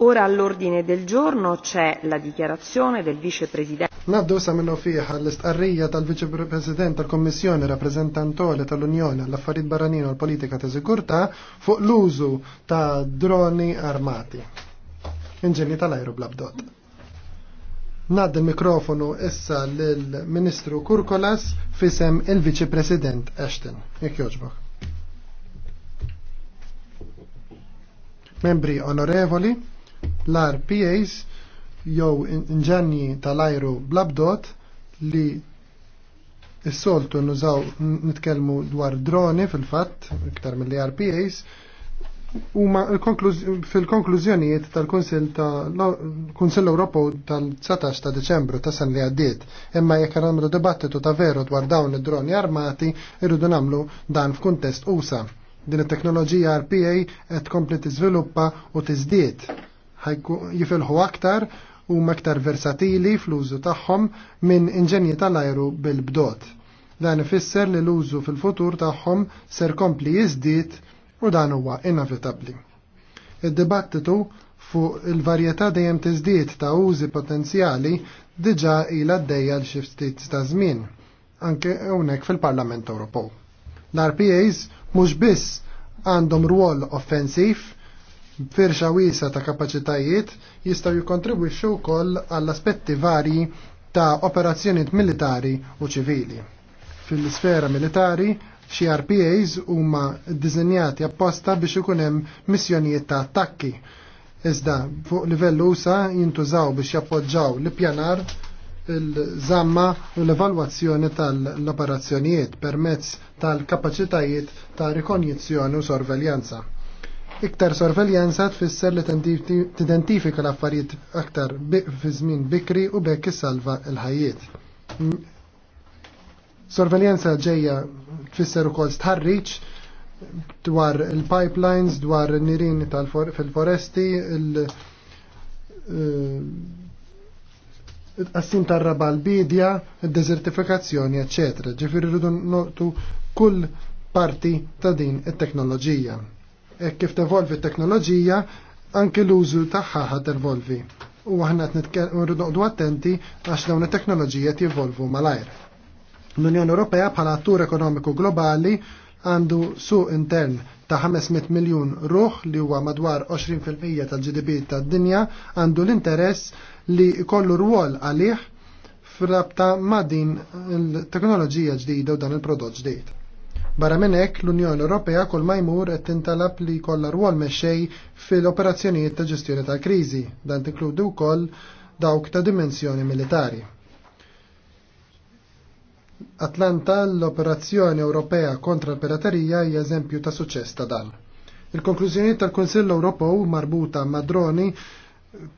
Ora all'ordine del giorno c'è la dichiarazione del vicepresidente. Naddu samillu fiħa l-istqarrija tal-viċepresident tal-Kommissjoni rappresentantoli tal-Unjoni għall affarid Baranino għall politika ta' sigurtà fuq l-użu ta' droni armati. Inġenji tal-ajru blabdot. Nad il-mikrofonu issa l-Ministru Kurkolas fisem il-Viċepresident Ashton. Jek joġbok. Membri onorevoli, l-RPAs jew inġenji tal-ajru blabdot li s-soltu nużaw nitkelmu dwar droni fil-fatt, iktar mill RPAs, huma fil-konklużjonijiet tal-Kunsill tal-Kunsill Ewropew tal-19 ta' Deċembru ta' san li għaddiet. Imma jekk għandu dibattitu ta' veru dwar dawn id-droni armati, irridu nagħmlu dan f'kuntest USA. Din it-teknoloġija RPA qed kompli tiżviluppa u tiżdied jifilħu aktar u aktar versatili fl-użu tagħhom minn inġenji tal-ajru bil-bdot. Dan ifisser li l-użu fil-futur tagħhom ser kompli jiżdied u dan huwa inevitabbli. Id-dibattitu fuq il-varjetà dejjem tiżdied ta' użi potenzjali diġà ilha għaddejja l xi ftit ta' żmien, anke hawnhekk fil-Parlament Ewropew. L-RPAs mhux biss għandhom rwol offensiv firxa wiesa ta' kapaċitajiet jistgħu jikkontribwixxu wkoll għall aspetti varji ta' operazzjonijiet militari u ċivili. Fil-sfera militari, xi RPAs huma ddisinjati apposta biex ikun hemm missjonijiet ta' attakki. Iżda fuq livell USA jintużaw biex jappoġġaw l-pjanar il-żamma u l-evalwazzjoni tal-operazzjonijiet permezz tal-kapaċitajiet ta' rikonjizzjoni u sorveljanza. Iktar sorveljanza tfisser li tidentifika l-affarijiet aktar fi żmien bikri u bekk salva l-ħajjiet. Sorveljanza ġejja tfisser ukoll tħarriġ dwar il-pipelines, dwar nirin fil-foresti, il-qassim eh, tar-raba l-bidja, il-desertifikazzjoni, eccetera. Ġifieri rridu notu kull parti ta' din it-teknoloġija e kif tevolvi t-teknoloġija anke l-użu tagħha ħad evolvi. U aħna nitkerru d attenti għax dawn it-teknoloġija mal malajr. L-Unjoni Ewropea bħala attur ekonomiku globali għandu suq intern ta' 500 miljun ruħ li huwa madwar 20% tal-GDP tad-dinja għandu l-interess li jkollu rwol għalih frabta ma' din il-teknoloġija ġdida u dan il-prodott ġdid. Barra minn hekk l-Unjoni Ewropea kull ma jmur qed tintalab li jkollha rwol mexxej fil-operazzjonijiet ta' ġestjoni tal-kriżi, dan tinkludi wkoll dawk ta' dimensjoni militari. Atlanta l-operazzjoni Ewropea kontra l-piraterija hija eżempju ta' suċċess ta' dan. Il-konklużjonijiet tal-Kunsill Ewropew marbuta ma' droni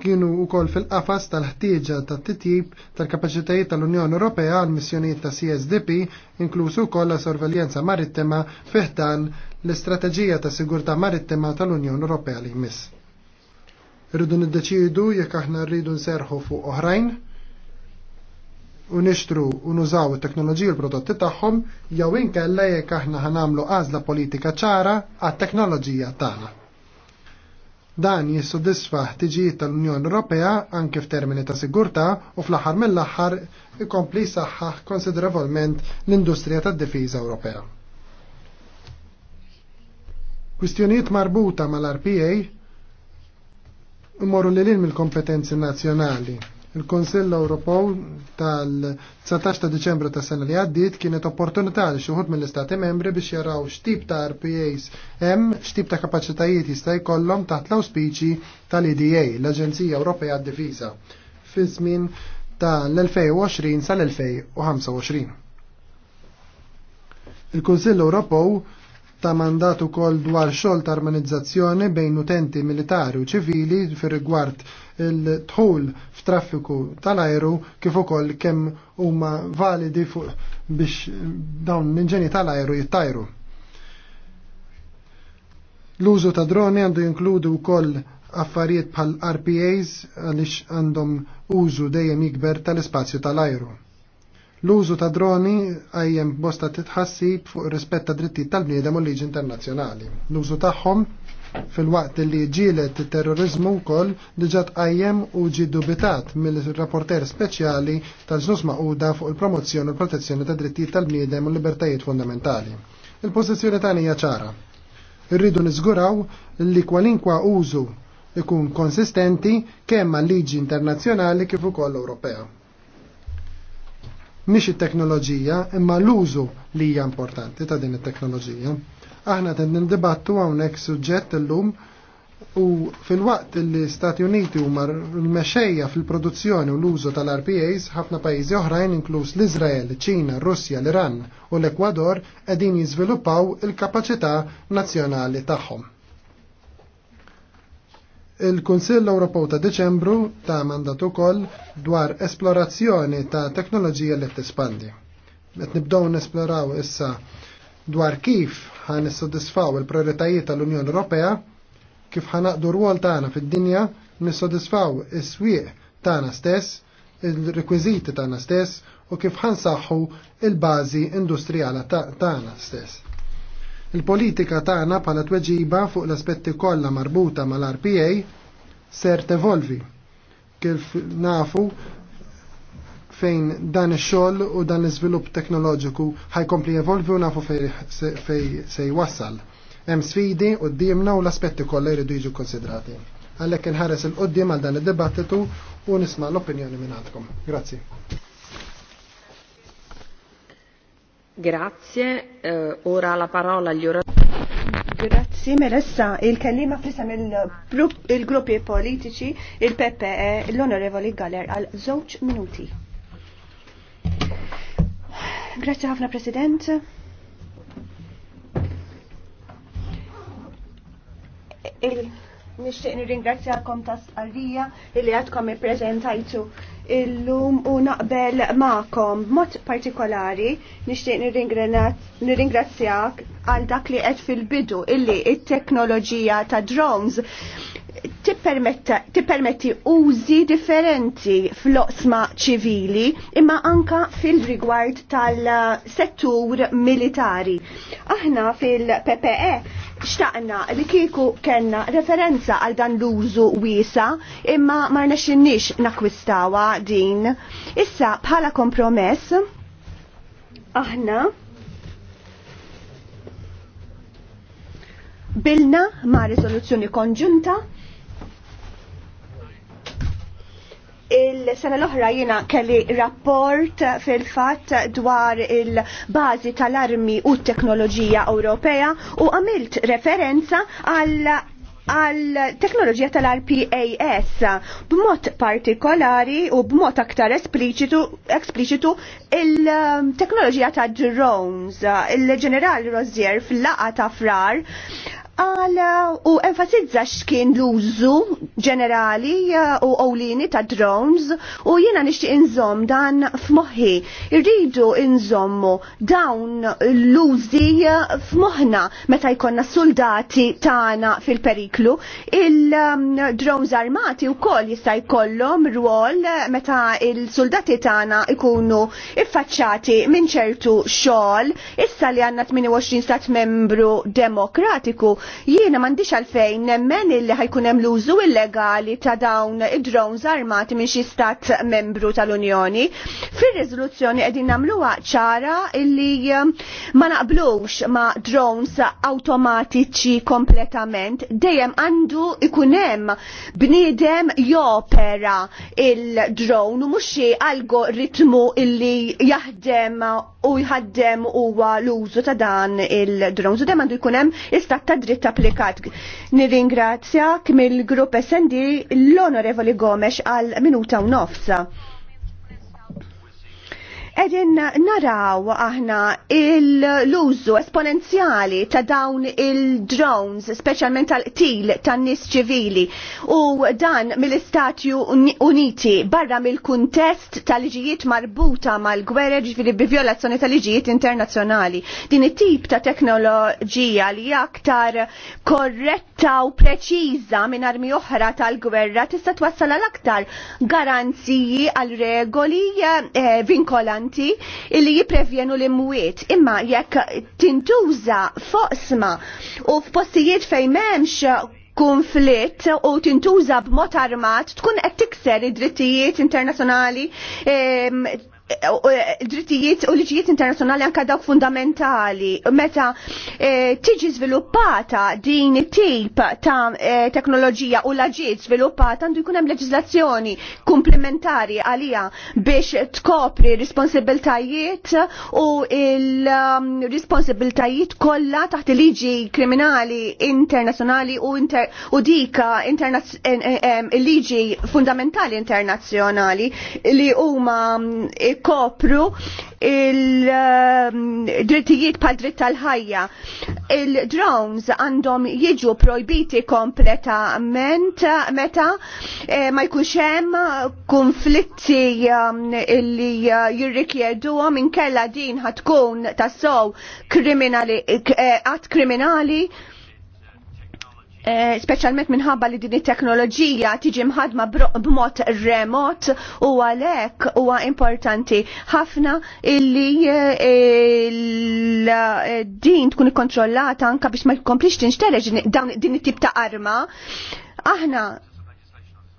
kienu wkoll fil-qafas tal-ħtieġa tat titjib tal kapacitajiet tal-Unjoni Ewropea għal missjonijiet ta' CSDP, inklusu koll la sorveljenza marittima fiħtan l-istrateġija ta' sigurtà marittima tal-Unjoni Ewropea li jmiss. Rridu niddeċidu jekk aħna rridu nserħu fuq oħrajn, u nixtru u nużaw it-teknoloġiju l-prodotti tagħhom jew inkella jekk aħna ħanamlu għażla politika ċara għat-teknoloġija tagħna. Dan jissodisfa ħtiġijiet tal-Unjoni Ewropea anke f'termini ta' sigurtà u fl-aħħar mill-aħħar ikompli saħħaħ konsiderevolment l-industrija tad-difiża Ewropea. Kwistjonijiet marbuta mal-RPA imorru li l-ilm il-kompetenzi nazzjonali Il-Konsell Ewropew tal-19 ta' Diċembru ta' sena li għaddiet kienet opportunità li xi wħud mill-Istati membri biex jaraw x'tip ta' RPAs hemm, x'tip ta' kapaċitajiet jista' jkollhom taħt l awspiċi tal-EDA, l-Aġenzija Ewropea għad-Difiża, fi żmien ta' l-2020 sal-2025. Il-Kunsill Ewropew ta' mandat ukoll dwar xogħol ta' armonizzazzjoni bejn utenti militari u ċivili fir rigward il-tħul f'traffiku tal-ajru kif ukoll kemm huma validi fuq biex dawn l-inġeni tal-ajru jittajru. L-użu ta' droni għandu jinkludu wkoll affarijiet bħal RPAs għaliex għandhom użu dejjem ikber tal-ispazju tal-ajru. L-użu ta' droni għajjem bosta titħassib fuq rispett ta' drittijiet tal-bniedem u liġi internazzjonali. L-użu tagħhom fil-waqt li ġielet terrorizmu wkoll diġà tqajjem u ġi dubitat mill-rapporter speċjali tal-ġnus maquda fuq il-promozzjoni u l-protezzjoni ta' drittijiet tal-bniedem u libertajiet fundamentali. Il-pożizzjoni tagħna hija ċara. Irridu niżguraw li kwalinkwa użu ikun konsistenti kemm mal liġi internazzjonali kif ukoll Ewropea mhix it-teknoloġija imma l-użu li hija importanti ta' din it-teknoloġija. Aħna qed nibattu hawnhekk suġġett illum u fil-waqt li Stati Uniti huma l mexejja fil-produzzjoni u l-użu tal-RPAs ħafna pajjiżi oħrajn inkluż l-Iżrael, ċina, Russja, l-Iran u l-Ekwador qegħdin jiżviluppaw il-kapaċità nazzjonali tagħhom. Il-Kunsill Ewropew ta' Deċembru ta' mandat ukoll dwar esplorazzjoni ta' teknoloġija li tispandi. Qed nibdew nesploraw issa dwar kif ħan nissodisfaw il-prioritajiet tal-Unjoni Ewropea, kif ħanaqdu rwol tagħna fid-dinja, nissodisfaw is-swieq tagħna stess, il-rekwiżiti tagħna stess u kif ħansaħħu il-bażi industrijala tagħna stess. Il-politika tagħna bħala tweġiba fuq l-aspetti kollha marbuta mal-RPA ser tevolvi kif nafu fejn dan ix-xogħol u dan l-iżvilupp teknoloġiku ħajkompli evolvi u nafu fej, se jwassal. Hemm sfidi qudiemna u l-aspetti kollha jridu jiġu konsidrati. Għalhekk inħares il-qudiem għal dan id-dibattitu u nisma' l-opinjoni minn għandkom. Grazzi. Grazie, uh, ora la parola agli oratori. Grazzi, Melessa. Il-kellima fissam il-gruppi il politiċi, il-PPE, l-Onorevoli Galler, għal żewġ minuti. Grazie, ħafna, President. Il- Nishtiq nirringrazzjakom ta' sqarrija li għadkom ippreżentajtu illum u naqbel ma'kom. Mod partikolari nishtiq nirringrazzjak għal dak li qed fil-bidu illi it-teknoloġija ta' drones tippermetti użi differenti fl-oqsma ċivili imma anka fil-rigward tal-settur militari. Aħna fil-PPE xtaqna li kieku kenna referenza għal dan l-użu wisa imma marna xinnix nakwistawa din. Issa bħala kompromess aħna bilna ma' rizoluzzjoni konġunta Il-sena l-oħra jina kelli rapport fil-fat dwar il-bazi tal-armi u t-teknoloġija Ewropea u għamilt referenza għal għal teknoloġija tal-RPAS b'mod partikolari u b'mod aktar espliċitu il-teknoloġija ta' drones. Il-ġeneral Rozier fil-laqa ta' frar għala u enfasizza x'kien l-użu ġenerali eh, u owlini ta' drones u jiena nixtieq inżomm dan f'moħħi. Irridu inżommu dawn l-użi eh, f'moħħna meta jkollna soldati tagħna fil-periklu. Il-drones ehm, armati wkoll jista' jkollhom rwol meta il-soldati tagħna ikunu iffaċċati minn ċertu xogħol issa li għandna 28 stat membru demokratiku Jiena m'għandix għalfejn nemmen illi ħajkunem hemm l-użu illegali ta' dawn id-drones armati minn xi stat membru tal-Unjoni. Fir-riżoluzzjoni qegħdin nagħmluha ċara illi um, ma naqblux ma' drones awtomatiċi kompletament dejjem għandu ikun hemm bniedem jopera il-drone u mhux xi algoritmu illi jaħdem u jħaddem huwa l-użu ta' dan il drone Zudem għandu jkunem istat ta' dritt ġiet applikat. Nirringrazzjak mill-grupp SND l-Onorevoli Gomes għal minuta u nofsa. Edin naraw aħna l-użu esponenzjali ta' dawn il-drones, specialment tal-qtil tan nis ċivili, u dan mill-Istati Uniti barra mill-kuntest tal-liġijiet marbuta mal-gwerer ġifiri bivjolazzjoni tal-liġijiet internazzjonali. Din it-tip ta' teknoloġija li aktar korretta u preċiża minn armi oħra tal-gwerra tista' twassal għal aktar garanziji għal regoli eh, vinkolanti importanti illi jiprevjenu l-imwiet imma jekk tintuża foqsma u f'postijiet fejn m'hemmx konflitt u tintuża b'mod armat tkun qed tikser id-drittijiet internazzjonali drittijiet u liġijiet internazzjonali anka dawk fundamentali meta eh, tiġi sviluppata din it-tip ta' eh, teknoloġija u laġiet sviluppata għandu jkun hemm leġislazzjoni komplementari għalija biex tkopri responsibiltajiet u il-responsibiltajiet um, kollha taħt il-liġi kriminali internazzjonali u, inter u dik il-liġi eh, fundamentali internazzjonali li huma ikopru il-drittijiet pa' dritt tal-ħajja. Il-drones għandhom jiġu projbiti kompletament meta eh, ma jkunx hemm konflitti um, illi eh, jirrikjeduhom inkella din ħatkun tassow kriminali għat eh, kriminali, kriminali Eh, specialment minħabba li din it-teknoloġija tiġi mħadma b'mod remot u għalhekk huwa importanti ħafna illi eh, eh, din tkun ikkontrollata anka biex ma jkomplix tinxtereġ din it-tip ta' arma. Aħna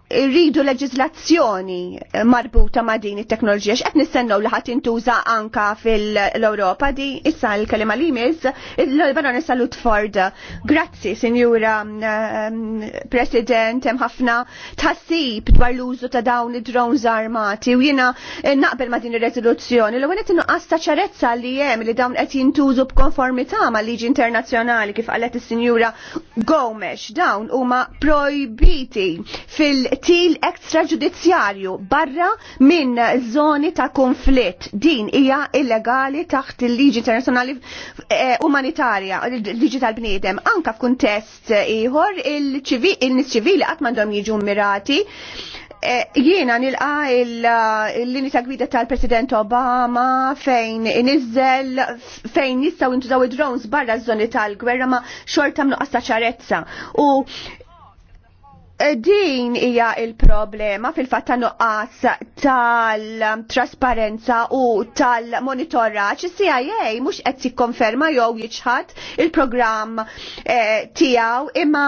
rridu leġizlazzjoni marbuta ma' din it-teknoloġija x'qed nistennew li ħadd intuża anka fil-Ewropa di issa l-kelima li jmiss il-Baronessa Lutford. Grazzi, Sinjura mm, mm, President, hemm ħafna tħassib dwar l-użu ta' dawn id-drones armati u jiena eh, naqbel ma' din ir-reżoluzzjoni. L-ewwel qed inqas ta' ċarezza li hemm li dawn qed jintużu b'konformità ma' liġi internazzjonali kif qalet is-Sinjura Gomes. Dawn huma projbiti fil til ekstraġudizzjarju barra minn zoni ta' konflitt. Din hija illegali taħt il-liġi internazzjonali eh, umanitarja, il-liġi tal-bniedem. Anka f'kuntest ieħor il-nis ċivili qatt m'għandhom jiġu mirati. Eh, jiena nilqa l-lini ta' gwida tal-President Obama fejn nizzel fejn jistgħu intużaw id-drones barra z-zoni tal-gwerra ma xorta mnuqqas ta' ċarezza. U din hija il-problema fil-fatta nuqqas tal-trasparenza u tal-monitorraġġ CIA mhux qed jikkonferma jew jiġħad il-programm eh, tiegħu imma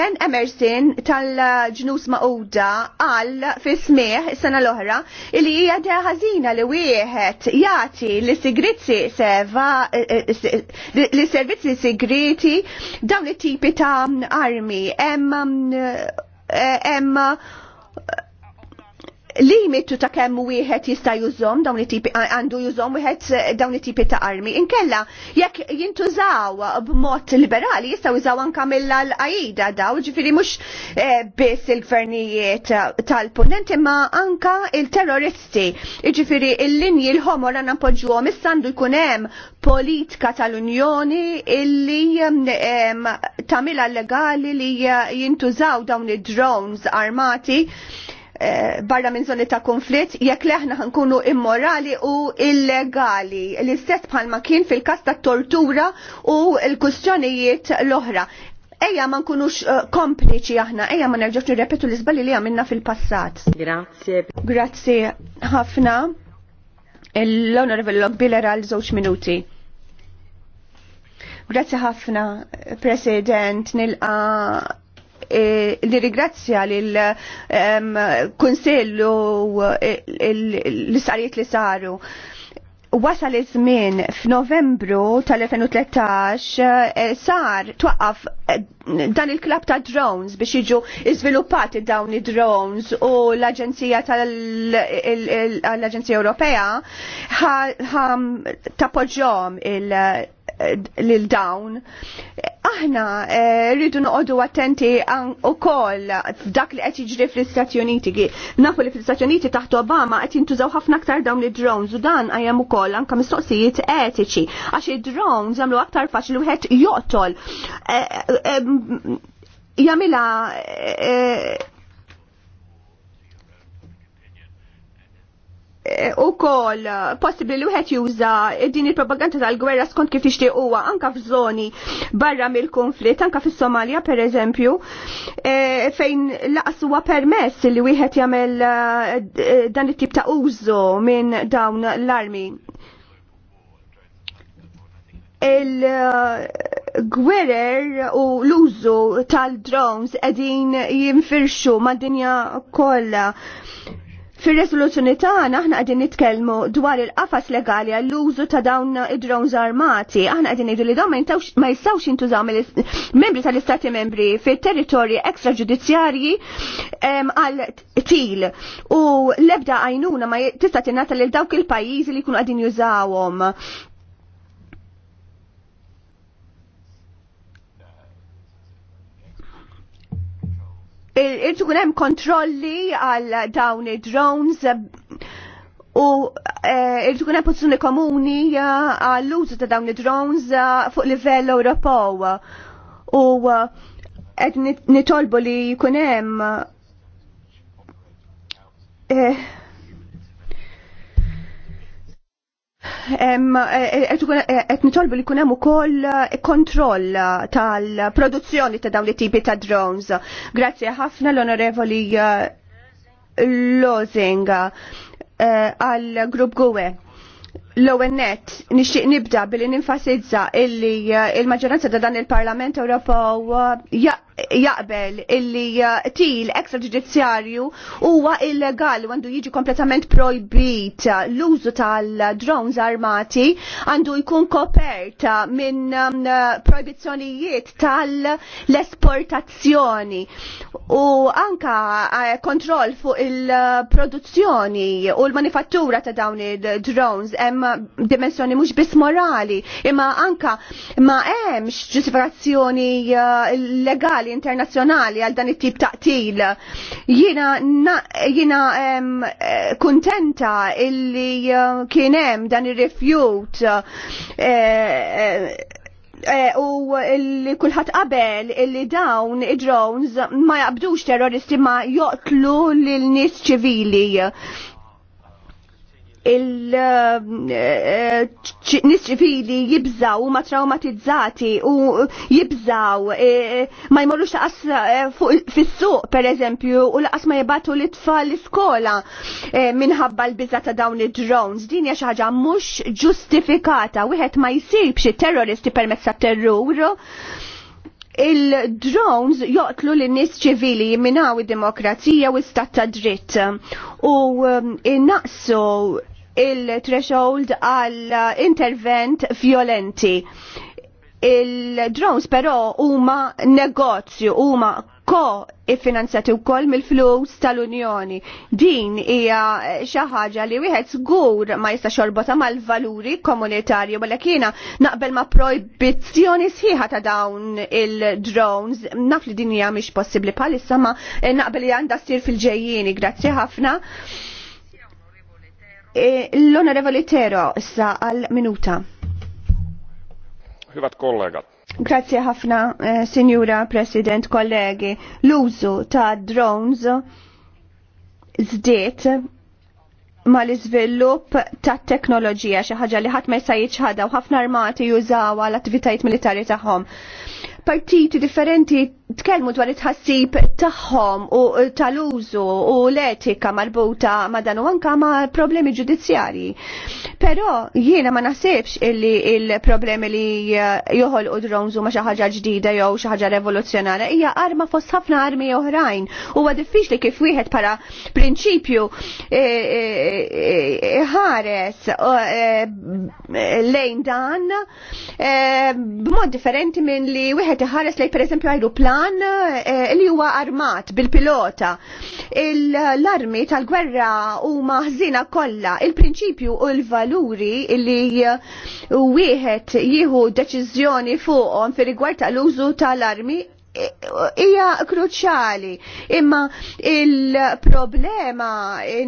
Ben Emerson tal-ġnus Mauda qal fi is sena l-oħra li hija ħażina li wieħed jagħti li sigrizzi seva eh, eh, li servizzi segreti dawn it-tipi ta' armi hemm Eh, emma, limitu ta' kemm wieħed jista' jużom dawn it-tipi għandu jużom wieħed eh, dawn it-tipi ta' armi. Inkella jekk jintużaw b'mod liberali jistgħu jużaw anke mill-qajda daw, ġifieri mhux eh, biss il-gvernijiet tal-punent imma anka il-terroristi. Jiġifieri il-linji l-ħomor għandna poġġuhom għandu jkun hemm politika tal-Unjoni illi tagħmilha legali li jintużaw dawn id-drones armati Eh, barra minn zoni ta' konflitt jekk li aħna ħankunu immorali u illegali. L-istess bħalma kien fil-kas ta' tortura u l-kustjonijiet l-oħra. Ejja ma nkunux eh, kompliċi aħna, ejja ma nerġgħux nirrepetu l izballi li għamilna fil-passat. Grazie. Grazie ħafna. l l Logbiller għal żewġ minuti. Grazie ħafna, President, nilqa' li e, rigrazzja lil kunsillu e, l-istarijiet li saru wasal iż-żmien f'Novembru tal-2013 e, sar twaqqaf dan il-klab ta' drones biex jiġu iżviluppati dawn id-drones u l-Aġenzija tal-Aġenzija Ewropea tappoġġhom il- lil dawn. Aħna eh, rridu noqogħdu attenti ukoll f'dak li qed jiġri fl-Istati Uniti. Nafu li fl-Istati Uniti taħt Obama qed jintużaw ħafna aktar dawn id-drones u dan għajam ukoll anke mistoqsijiet etiċi għax id-drones għamlu aktar faċli wieħed joqtol. Eh, eh, Jamila u kol possibli li wieħed juża din il-propaganda tal-gwerra skont kif ixtieq huwa anka f'żoni barra mill-konflitt, anka fis-Somalja pereżempju, eżempju, e, fejn laqas huwa permess li wieħed jagħmel e, e, dan it-tip ta' użu minn dawn l-armi. Il-gwerer u l-użu tal-drones qegħdin jinfirxu mad-dinja kollha Fir-resoluzzjoni tagħna aħna qegħdin nitkellmu dwar il-qafas legali għall-użu ta' dawn id-drones armati. Aħna qegħdin ngħidu li dawn ma jistgħux jintużaw mill-membri tal-Istati membri fit-territorji ekstraġudizzjarji għal til u l-ebda għajnuna ma tista' tingħata lil dawk il-pajjiżi li jkunu qegħdin jużawhom. irtu kunem kontrolli għal dawn id-drones u eh, irtu kunem pozizjoni komuni eh, għall użu ta' dawn id-drones eh, fuq livell Ewropew. U qed nitolbu li kunem qed e, e, e, nitolbu li jkun hemm ukoll kontroll tal-produzzjoni ta' dawn it-tipi ta' drones. Grazzi ħafna l-Onorevoli Lozing għal Grupp Gwe. l onet nixtieq nibda billi ninfasizza illi l maġġoranza ta' dan il-Parlament Ewropew jaqbel illi uh, til ekstraġudizzjarju huwa illegal għandu jiġi kompletament projbit l-użu tal-drones armati għandu jkun kopert minn um, proibizzjonijiet tal-esportazzjoni u anka eh, kontroll fuq il-produzzjoni u l-manifattura ta' dawn il-drones hemm dimensjoni mhux biss morali imma anka ma hemmx ġustifikazzjoni eh, legali legali internazzjonali għal dan it-tip ta' qtil. Jina, jina um, eh, kontenta illi uh, eh, kienem dan ir-refjut eh, u li kullħat qabel li dawn id-drones ma jaqbdux terroristi ma joqtlu lil nies ċivili il-nis ċivili jibżaw ma traumatizzati u jibżaw ma jmorrux laqas fis-suq per eżempju u laqas ma jibatu l-itfal l-iskola minħabba l-biża ta' dawn id-drones. Din hija xi ħaġa mhux ġustifikata, wieħed ma jsibx it-terroristi permezz tat-terruru il-drones joqtlu l-nis ċivili jiminaw id-demokrazija u l-Istat ta' dritt u innaqsu il-threshold għal intervent violenti. Il-drones però huma negozju, huma ko u wkoll mill-flus tal-Unjoni. Din hija xi ħaġa li wieħed żgur ma jista' xorbota mal-valuri komunitarju wala kiena naqbel ma' proibizzjoni sħiħa ta' dawn il-drones. Naf li din hija mhix possibbli bħalissa ma naqbel li għandha ssir fil-ġejjieni. Grazzi ħafna. E, L-Onorevoli Tero, issa għal-minuta. Hyvät kollegat. Grazie ħafna, eh, Signora President, kollegi. L-użu ta' drones zdiet ma l-izvillup ta' teknoloġija xi ħaġa li ħadd ma jista' jiċħadha u ħafna armati jużaw għal attivitajiet militari tagħhom partiti differenti tkellmu dwar it-ħassib tagħhom u tal-użu u l-etika marbuta ma' dan u anka ma' problemi ġudizzjarji. Però jiena ma nasibx illi il-problemi li eh, joħol u drones huma xi ħaġa ġdida jew xi ħaġa revoluzzjonarja hija arma fost ħafna armi oħrajn. Huwa diffiċli kif wieħed para prinċipju eh, eh, ħares lejn dan b'mod differenti minn li wieħed iħares lejn pereżempju ajruplan li huwa armat bil-pilota. L-armi tal-gwerra huma ħżina kollha, il-prinċipju u l-valur valuri li uh, wieħed jieħu deċiżjoni fuqhom fi rigward tal-użu tal-armi hija kruċjali imma il-problema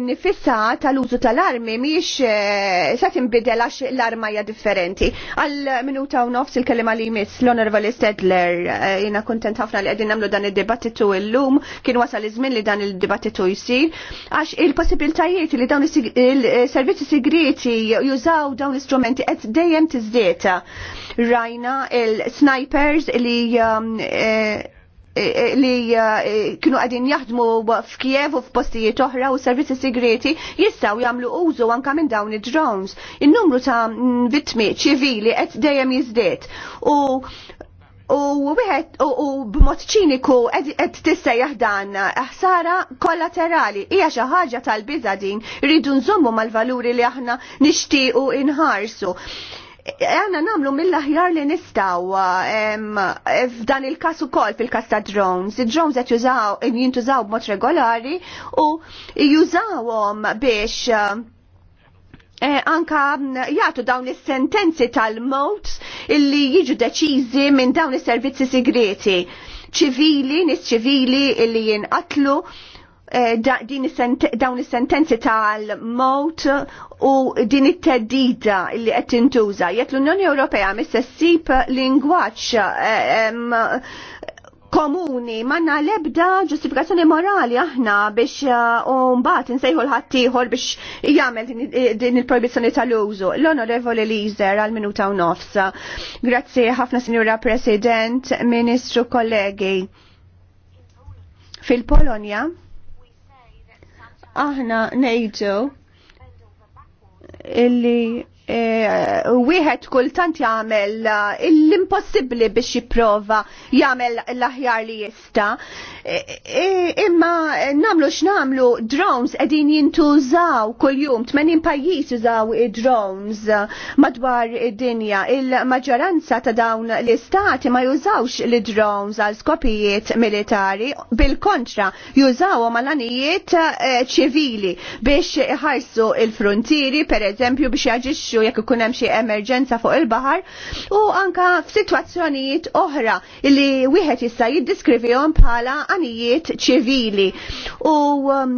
nifissa tal-użu tal-armi miex eh, se tinbidel għax l-arma hija differenti. Għal minuta u nofs il-kelima li jmiss l-Honorable Stedler eh, jiena kuntent ħafna li qegħdin nagħmlu dan id-dibattitu llum kien wasal iż-żmien li dan il-dibattitu jsir għax il-possibiltajiet li dawn il-servizzi eh, segreti jużaw dawn l-istrumenti qed dejjem tiżdieta rajna il-snipers li um, eh, eh, li eh, kienu għadin jaħdmu f'Kiev u f'postijiet oħra u servizzi segreti jistaw jagħmlu użu anka minn dawn id-drones. In-numru ta' vittmi ċivili qed dejjem jiżdied u u wieħed u b'mod ċiniku qed tissejjaħ dan ħsara kollaterali hija xi ħaġa tal-biża din rridu nżommu mal-valuri li aħna nixtiequ inħarsu għana namlu mill-aħjar li nistaw f'dan il-kas ukoll fil-kas ta' drones. Id-drones għet jużaw jintużaw b'mod regolari u jużawhom biex eh, eh, anka mm, jagħtu dawn is-sentenzi tal-mot illi jiġu deċiżi minn dawn is-servizzi segreti ċivili, nis ċivili illi jinqatlu Eh, dawn is-sentenzi tal-mot u din it-teddida li qed tintuża. Jekk l-Unjoni Ewropea ssib lingwaġġ eh, komuni manna lebda ġustifikazzjoni morali aħna biex eh, mbagħad insejħu l-ħaddieħor biex jagħmel din il-proibizzjoni tal-użu. L-Onorevoli Lizer għal minuta u nofs. Grazzi ħafna Sinjura President, Ministru, kollegi. Fil-Polonja, aħna nejġu illi Eh, wieħed kultant jagħmel eh, l-impossibbli biex jipprova jagħmel l-aħjar li jista. Eh, imma nagħmlu x'namlu drones qegħdin jintużaw kuljum 80 pajjiż jużaw drones madwar id-dinja. Il-maġġoranza ta' dawn l-istati ma jużawx l-drones għal skopijiet militari, bil-kontra jużawhom malanijiet ċivili biex iħarsu il-frontieri, per eżempju biex jaġixxu pereżempju jekk ikun hemm xi emerġenza fuq il-baħar u anka f'sitwazzjonijiet oħra li wieħed jista' jiddiskrivihom bħala anijiet ċivili. U um,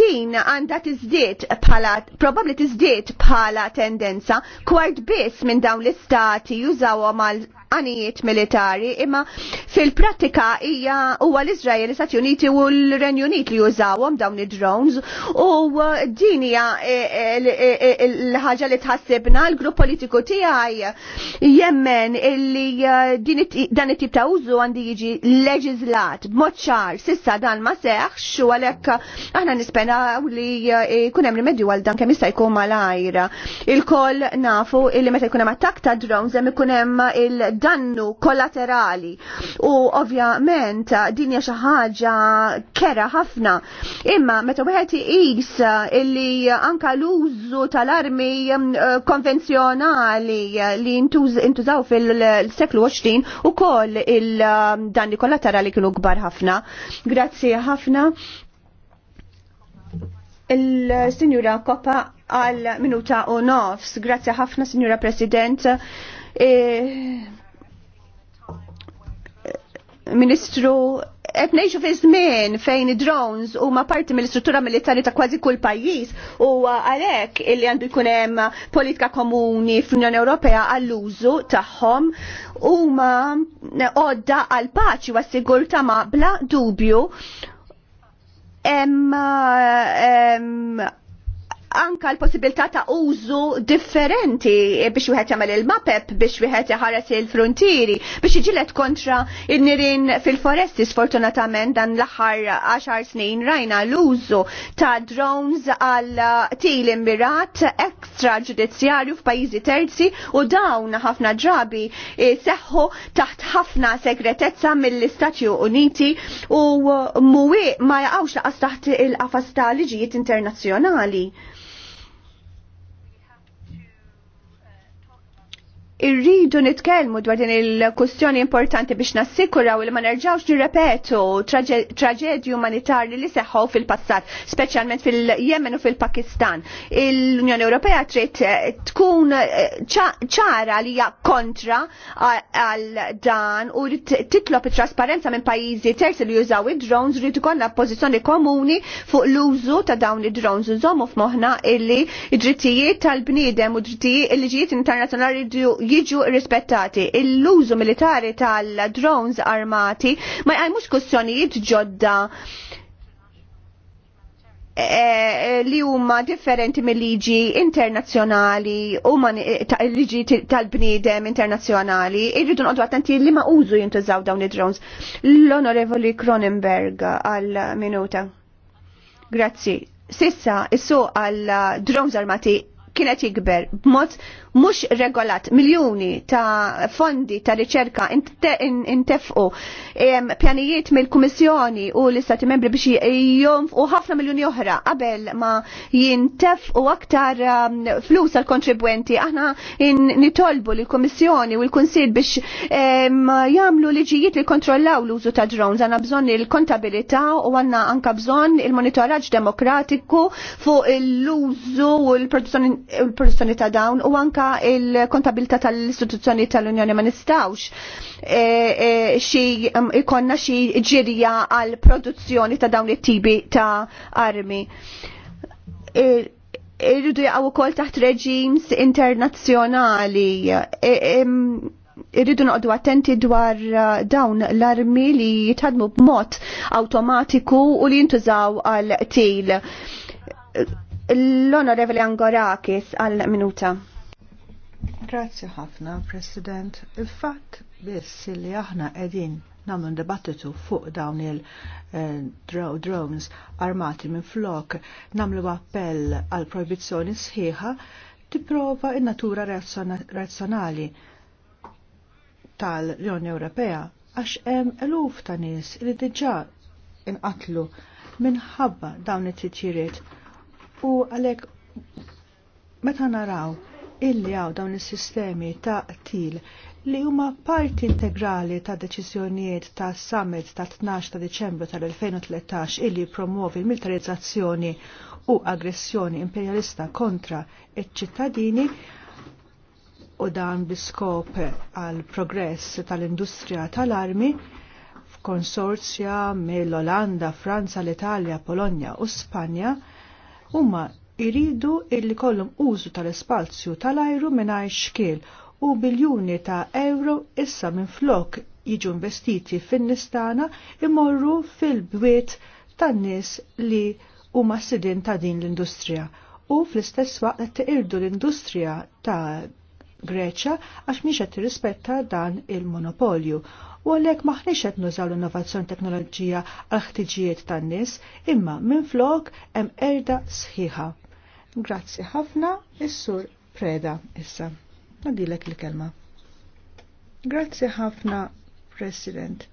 din għandha tiżdied bħala probabbli tiżdied bħala tendenza kwart biss minn dawn l-istati jużawhom għal għanijiet militari imma fil-pratika hija huwa l-Iżrael, l-Istati Uniti u l-Renju Unit li jużawhom dawn id-drones u uh, din hija e, e, e, l-ħaġa li tħassibna l-grupp politiku tiegħi jemmen illi uh, dan it-tip ta' użu għandi jiġi leġizlat b'mod ċar sissa dan ma seħx u għalhekk aħna nispenaw li jkun uh, hemm rimedju għal dan kemm jista' jkun malajr. Il-koll nafu illi meta jkun hemm attakk ta' drones hemm ikun hemm il dannu kollaterali u ovvjament din hija xi ħaġa kera ħafna. Imma meta wieħed iqis eh, illi anka l-użu tal-armi eh, konvenzjonali eh, li intużaw fil-seklu 20 ukoll il-danni kollaterali kienu kbar ħafna. Grazzi ħafna il-Sinjura Koppa għal minuta u nofs. Grazzi ħafna, Sinjura President. E... Ministru, qed ngħixu fi żmien fejn drones huma parti mill-istruttura militari ta' kważi kull pajjiż u għalhekk illi għandu jkun hemm politika komuni fl-Unjoni Ewropea għall-użu tagħhom huma għodda għal paċi u għas-sigurtà ma bla dubju hemm anka l-possibilità ta' użu differenti biex wieħed jagħmel il-mapep, biex wieħed jaħares il-frontieri, biex iġilet kontra in-nirin fil-foresti sfortunatament dan l-aħħar 10 snin rajna l-użu ta' drones għal til immirat ekstra ġudizzjarju f'pajjiżi terzi u dawn ħafna drabi seħħu taħt ħafna segretezza mill-Istati Uniti u mhuwieq ma jaqgħux laqas taħt il-qafas ta' liġijiet internazzjonali. irridu nitkellmu dwar din il-kustjoni importanti biex nassikuraw li ma nerġawx nirrepetu traġedji umanitarji li seħħu fil-passat, speċjalment fil-Yemen u fil-Pakistan. L-Unjoni Ewropea trid eh, tkun eh, ċara li hija kontra għal dan u titlob it-trasparenza minn pajjiżi terzi li jużaw id-drones rrid ikollna pożizzjoni komuni fuq l-użu ta' dawn id-drones u f'moħħna illi id-drittijiet tal-bniedem u d-drittijiet il-liġijiet internazzjonali jiġu rispettati. Il-lużu militari tal-drones armati ma jgħajmux kussjonijiet ġodda eh, eh, li huma differenti mill-liġi internazzjonali u eh, liġi tal-bniedem internazzjonali, irridu nqogħdu attenti li ma użu jintużaw dawn id-drones. L-Onorevoli Cronenberg għal minuta. Grazzi. Sissa, issu għal drones armati kienet jikber b'mod mhux regolat miljuni ta' fondi ta' riċerka intefqu pjanijiet mill-Kummissjoni u l-Istati Membri biex u ħafna miljuni oħra qabel ma jintefqu aktar flus għal kontribwenti aħna nitolbu l kummissjoni u l-Kunsil biex jagħmlu liġijiet li kontrollaw l-użu ta' drones għanna bżonn il-kontabilità u għandna anka bżonn il-monitoraġġ demokratiku fuq l-użu u l-produzzjoni il-produzzjoni ta' dawn u anka il kontabilta tal-istituzzjoni tal-Unjoni ma nistawx eh, eh, xi mm, ikonna xi ġirja għal produzzjoni ta' dawn it-tibi ta' armi irridu jaqgħu wkoll taħt reġims internazzjonali. E, irridu noqdu attenti dwar eh, dawn l-armi li jitħadmu b'mod awtomatiku u li jintużaw għal til L-Onorevoli Angorakis għal minuta. Grazzi ħafna, President. Il-fatt biss li aħna qegħdin nagħmlu dibattitu fuq dawn il-drones eh, armati minn flok nagħmlu appell għal proibizzjoni sħiħa tipprova in-natura razzjonali tal-Unjoni Ewropea għax hemm eluf ta' nies li diġà inqatlu minħabba dawn it-titjiriet U għalek, meta naraw illi għaw dawn is-sistemi ta' til li huma parti integrali ta' deċiżjonijiet ta' summit ta' 12 ta' Deċembru tal-2013 illi promuovi militarizzazzjoni u aggressjoni imperialista kontra iċ-ċittadini u dan biskop għal progress tal-industrija tal-armi f'konsorzja mill-Olanda, Franza, l-Italja, Polonja u Spanja huma iridu illi kollum użu tal-espazju tal-ajru mingħajr xkiel u biljuni ta' euro issa minn flok jiġu investiti fin-nistana imorru fil-bwiet tan-nies li huma sidin ta' din l-industrija u fl-istess waqt irdu l-industrija ta' Greċa għax miex qed tirrispetta dan il-monopolju. U għalhekk maħniex qed nużaw l-innovazzjoni teknoloġija għal ħtiġijiet tan-nies, imma minflok hemm erda sħiħa. Grazzi ħafna is-sur Preda issa. Nadilek il-kelma. Grazzi ħafna, President.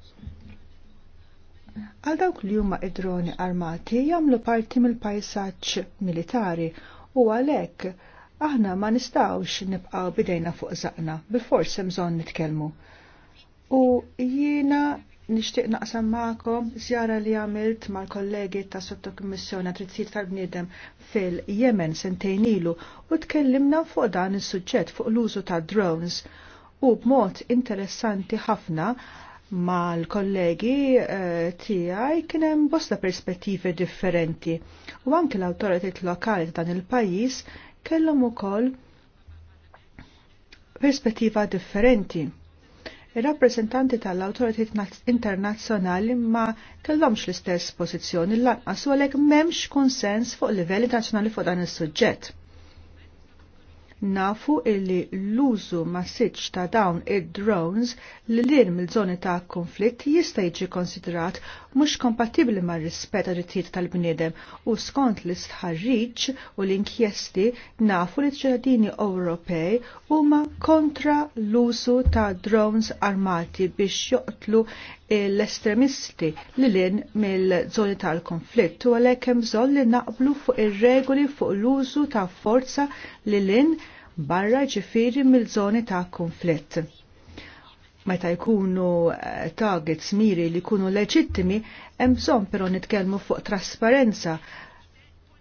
Għal dawk li huma id-droni armati jagħmlu parti mill-pajsaġġ militari u għalhekk aħna ma nistawx nibqaw bidejna fuq zaqna, bil-fors semżon nitkelmu. U jiena nishtiq naqsam ma'kom zjara li għamilt mal kollegi ta' sottokommissjoni trizzijiet tal-bniedem fil-Jemen sentejn ilu u tkellimna fuq dan is-suġġett fuq l-użu ta' drones u b'mod interessanti ħafna mal-kollegi eh, tiegħi kien hemm bosta perspettivi differenti u anke l-awtoritajiet lokali ta' dan il-pajjiż kellhom ukoll perspettiva differenti. ir rappreżentanti tal-awtoritajiet internazzjonali ma kellhomx l-istess pożizzjoni lanqas u għalhekk m'hemmx konsens fuq livell internazzjonali fuq dan is-suġġett nafu illi l-użu massiċ ta' dawn id-drones li l mill-żoni ta' konflitt jista' jiġi konsiderat mhux kompatibbli ma' rispett għad-drittijiet tal-bniedem u skont l-istħarriġ u l-inkjesti nafu li ċittadini Ewropej huma kontra l-użu ta' drones armati biex joqtlu l-estremisti li lin mill-żoni tal-konflitt u għalhekk hemm bżonn li naqblu fuq ir-regoli fuq l-użu ta' forza li lin barra ġifieri mill-żoni ta' konflitt. Meta jkunu eh, targets miri li jkunu leġittimi, hemm bżonn però nitkellmu fuq trasparenza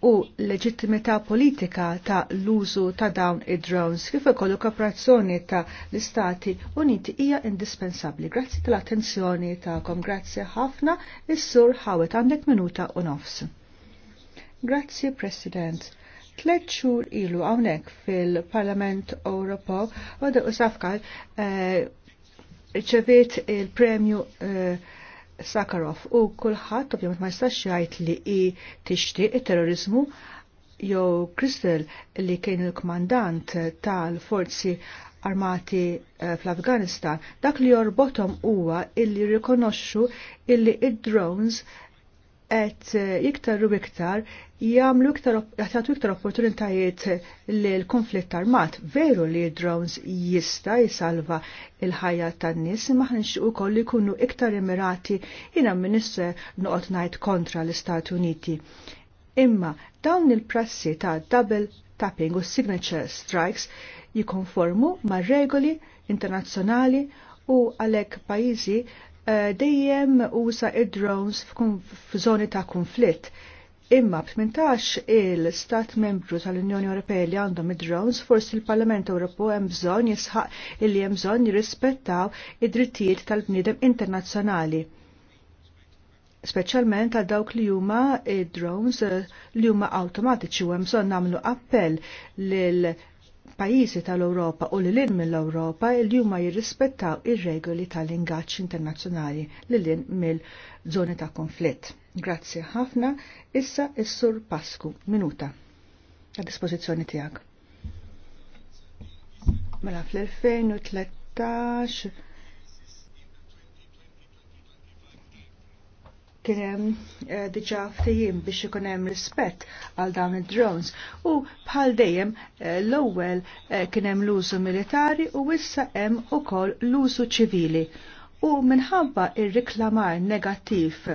u leġittimità politika ta' l-użu ta' dawn id-drones kif ikollu kooperazzjoni ta' l-Istati Uniti hija indispensabbli. Grazzi tal-attenzjoni tagħkom, grazzi ħafna is-sur ħawet għandek minuta u nofs. Grazzi President. Tlet xhur ilu hawnhekk fil-Parlament Ewropew u safkal eh, riċeviet il-premju eh, Sakharov u kulħadd ovvjament ma jistax jgħid li hi tixtieq it-terrorizmu jew Kristel li kien il-kmandant tal-forzi armati eh, fl-Afganistan, dak li jorbotom huwa illi rikonoxxu illi id-drones il et eh, iktar u iktar jagħmlu iktar jagħtu iktar opportunitajiet lil konflitt armat. Veru li drones jista' jsalva il-ħajja tan-nies imma nxuq ukoll li jkunu iktar emirati jiena minisse noqgħod ngħid kontra l-Istati Uniti. Imma dawn il-prassi ta' double tapping u signature strikes jikonformu ma' regoli internazzjonali u għalhekk pajjiżi Eh, dejjem usa id-drones f'żoni ta' konflitt. Imma b il-Stat membru tal-Unjoni Ewropea li għandhom id-drones, forsi l-Parlament Ewropew hemm bżonn jisħaq illi hemm bżonn jirrispettaw id-drittijiet tal-bniedem internazzjonali. Speċjalment għal dawk li huma id drones eh, li huma awtomatiċi u hemm bżonn nagħmlu appell lil pajjiżi tal-Ewropa u l lin mill-Ewropa li huma jirrispettaw ir-regoli tal-ingaġġ internazzjonali li lin mill-żoni ta' konflitt. Grazzi ħafna, issa is-Sur Pasku, minuta, a dispożizzjoni tiegħek. Mela fl-2013 kienem hemm eh, diġa ftejim biex ikunem rispett għal dawn id-drones u bħal dejjem eh, l-ewwel eh, kien kienem l-użu militari u issa hemm ukoll l-użu ċivili. U minħabba ir-riklamar negattiv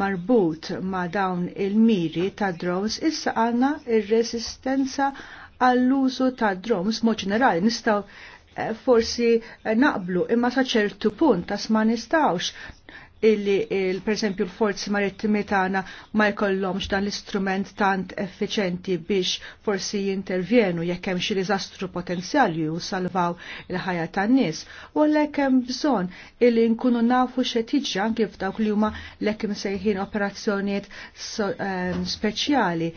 marbut ma' dawn il-miri ta' drones issa għandna ir-resistenza għall-użu ta' drones mod ġenerali nistgħu forsi naqblu imma saċertu ċertu punt tas ma nistawx illi il, per esempio l-forzi marittimi tagħna ma jkollhomx dan l-istrument tant effiċenti biex forsi jintervjenu jekk hemm xi diżastru potenzjali u salvaw il-ħajja tan-nies. U għalhekk hemm bżonn illi nkunu nafu x'e tiġi anke f'dawk li huma lekk imsejħin operazzjonijiet ehm, speċjali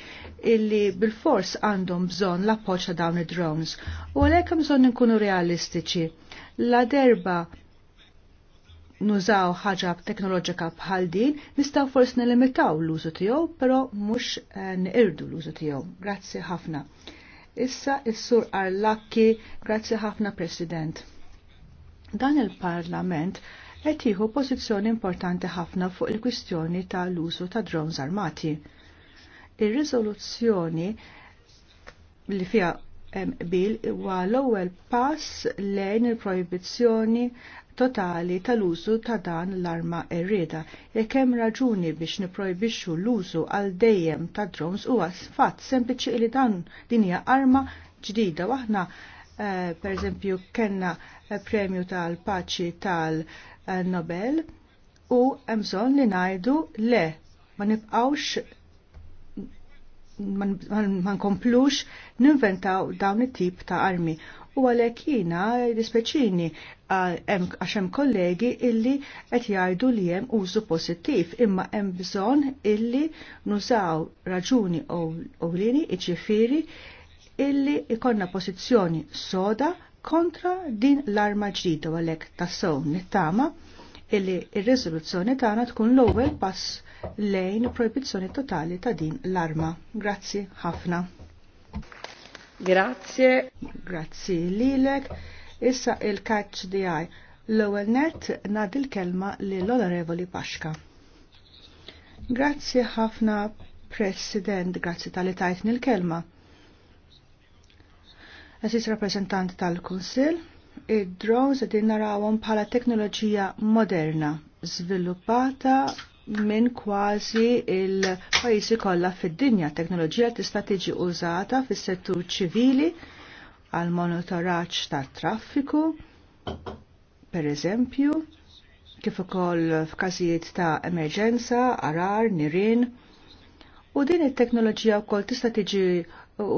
illi bil-fors għandhom bżonn l-appoġġ ta' dawn id-drones. U għalhekk hemm bżonn nkunu realistiċi. La derba nużaw ħaġa teknoloġika bħal din, nistaw forsi nelimitaw l-użu tiegħu, però mhux eh, nirdu l-użu tiegħu. Grazzi ħafna. Issa is-sur Arlakki, grazzi ħafna President. Dan il-Parlament qed jieħu pożizzjoni importanti ħafna fuq il-kwistjoni tal-użu ta' drones armati. Ir-riżoluzzjoni li fija eh, bil huwa l-ewwel pass lejn il-projbizzjoni totali tal-użu ta' dan l-arma erreda jekk hemm raġuni biex niprojbixxu l-użu għal dejjem ta' drones huwa fatt sempliċi li dan din hija arma ġdida waħna eh, pereżempju kellna eh, premju tal-paċi tal-Nobel u hemm bżonn li ngħidu le ma nibqgħux ma nkomplux ninventaw dawn it-tip ta' armi u għalhekk jiena dispeċini għax hemm kollegi illi qed jgħidu li hemm użu pożittiv imma hemm bżonn illi nużaw raġuni ewlieni iċifiri illi ikonna pożizzjoni soda kontra din l-arma ġdida għalhekk tassew nittama illi il riżoluzzjoni tagħna tkun l-ewwel pass lejn proibizzjoni totali ta' din l-arma. Grazzi ħafna. Grazie. Grazzi lilek. Issa il-catch di għaj. L-ewel net nad il-kelma li l-onorevoli Paxka. Grazzi ħafna President, grazzi tal tajtni il-kelma. Assis rappresentant tal-Kunsil, id-drones din narawhom bħala teknoloġija moderna, sviluppata minn kważi il-pajjiżi kollha fid-dinja. Teknoloġija tista' tiġi użata fis-settur ċivili, għal monitoraġġ tat-traffiku, per eżempju, kif ukoll f'każijiet ta' emerġenza, arar, nirien, u din it-teknoloġija wkoll tista' tiġi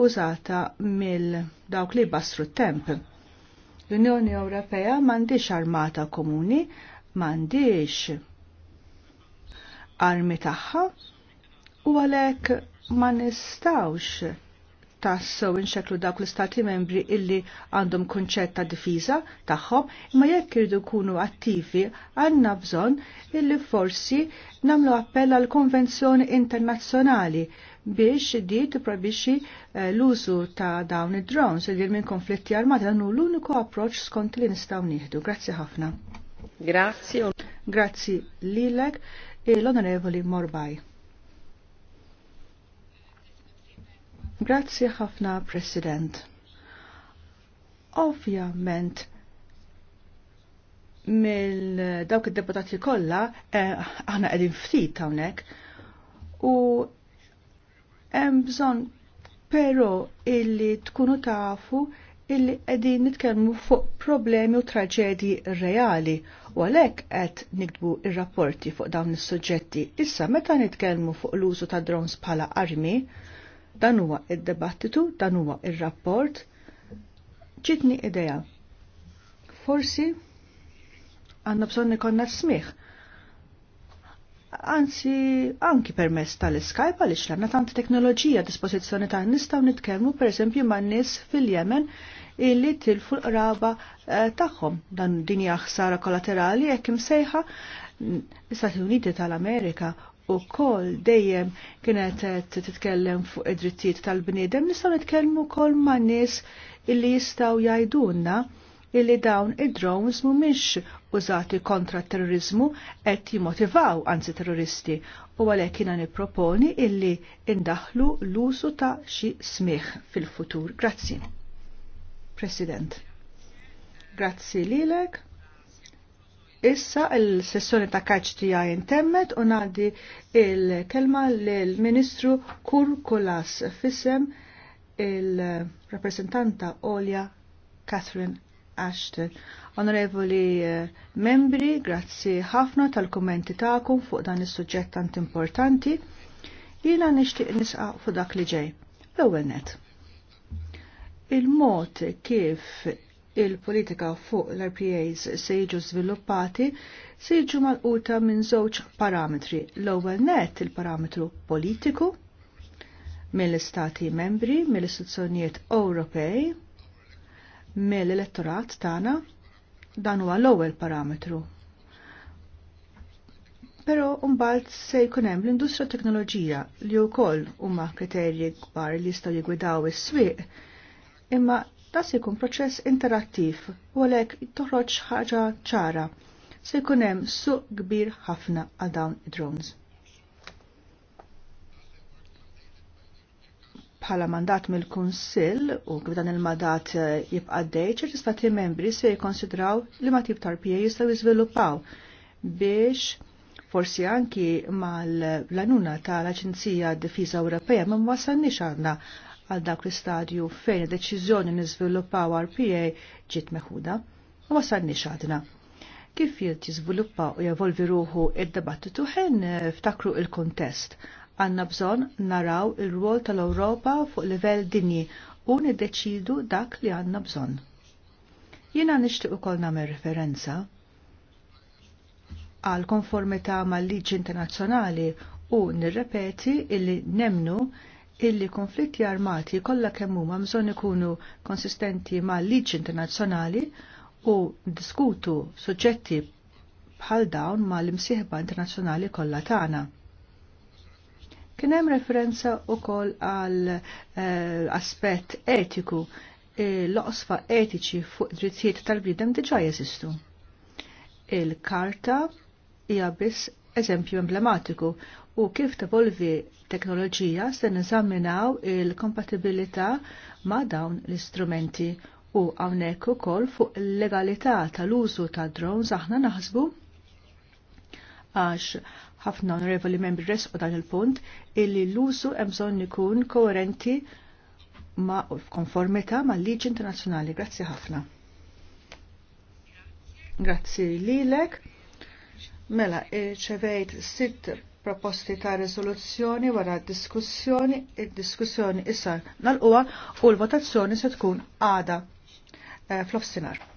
użata mill dawk li basru t-temp. L-Unjoni Ewropea m'għandix armata komuni, m'għandix armi tagħha u għalhekk ma nistawx tassew inxeklu dawk l-istati membri illi għandhom kunċett ta' difiża tagħhom, imma jekk irdu kunu attivi għandna bżonn illi forsi namlu appell għal konvenzjoni internazzjonali biex di tipprobixxi eh, l-użu ta' dawn id-drones li minn konflitti armati għannu l-uniku approċċ skont li nistgħu nieħdu. Grazzi ħafna. Grazzi. Grazzi lilek l-Onorevoli Morbaj. Grazzi ħafna, President. Ovvjament, mill dawk id-deputati kollha eh, aħna qegħdin ftit hawnhekk u hemm bżonn però illi tkunu tafu illi qegħdin nitkellmu fuq problemi u traġedji reali u għalhekk qed nikdbu r rapporti fuq dawn is-suġġetti. Issa meta nitkellmu fuq l-użu ta' drones bħala armi, Dan huwa id-debattitu, dan huwa ir-rapport. Ġitni idea. Forsi għandna bżonn ikonna smih. Anzi, anki permess tal-Skype għaliex l-għanna tant teknoloġija dispożizzjoni ta' nistaw nitkellmu per eżempju ma' nis fil-Jemen illi tilfu l-qraba eh, tagħhom. Dan din hija ħsara kollaterali jekk imsejħa l-Istati Uniti tal-Amerika u kol dejjem kienet titkellem fuq id-drittijiet tal-bniedem nistgħu nitkellmu kol ma' nies illi jistgħu jgħidulna illi dawn id-drones mhumiex użati kontra terrorizmu qed jimotivaw anzi terroristi u għalhekk jiena nipproponi illi indaħlu l-użu ta' xi smiħ fil-futur. Grazzi. President. Grazzi lilek. Issa il-sessjoni ta' kaċ tiegħi intemmet u ngħaddi il-kelma lill-Ministru Kurkulas Fissem il-rappresentanta Olja Catherine Ashton. Onorevoli eh, membri, grazzi ħafna tal-kommenti ta'kum fuq dan is-suġġett tant importanti. Jiena nixtieq nisqa' fuq dak li ġej. L-ewwel net. Il-mod kif il-politika fuq l-RPAs se jiġu sviluppati se jiġu mal-quta minn żewġ parametri. L-ewwel net il-parametru politiku mill-istati membri, mill-istituzzjonijiet Ewropej, mill-elettorat tagħna dan huwa l-ewwel parametru. Però mbagħad se jkun hemm l-industrija teknoloġija li wkoll huma kriterji kbar li jistgħu jigwidaw is-swieq imma ta' se jkun proċess interattiv u għalhekk toħroġ ħaġa ċara. Se jkun hemm suq kbir ħafna għal dawn id-drones. Bħala mandat mill-Kunsill u kif dan il-mandat eh, jibqa' dej, ċerti stati membri se jikkonsidraw li ma tip tarpija jistgħu jiżviluppaw biex forsi anki mal-lanuna tal-Aġenzija Difiża Ewropea ma wasalniex għandna għal dak l-istadju fejn id-deċiżjoni niżviluppaw RPA ġiet meħuda u wasalni xadna. Kif jirt jiżviluppa u jevolvi ruħu id-debattitu ħen ftakru il-kontest. Għanna bżon naraw il-rwol tal-Ewropa fuq livell dinji u niddeċidu dak li għanna bżon. Jina nishtiq ukoll nagħmel referenza għal konformità mal-liġi internazzjonali u nirrepeti illi nemnu illi konflitti armati kollha kemm huma bżonn ikunu konsistenti ma' liġi internazzjonali u diskutu suġġetti bħal dawn ma' l-imsieħba internazzjonali kollha tagħna. Kien hemm referenza wkoll għal eh, aspett etiku eh, l-oqsfa etiċi fuq drittijiet tal bidem diġà jeżistu. Il-karta hija biss eżempju emblematiku u kif tevolvi teknoloġija se niżaminaw il-kompatibilità ma' dawn l-istrumenti u hawnhekk ukoll fuq il-legalità tal-użu ta' drones aħna naħsbu għax ħafna onorevoli membri resqu dan il-punt illi l-użu hemm bżonn ikun koerenti ma' konformità mal liġi internazzjonali. Grazzi ħafna. Grazzi lilek. Mela, irċevejt sitt proposti ta' risoluzzjoni, wara diskussjoni, id-diskussjoni issa nal u l-votazzjoni se tkun għada e, fl-ofsinar.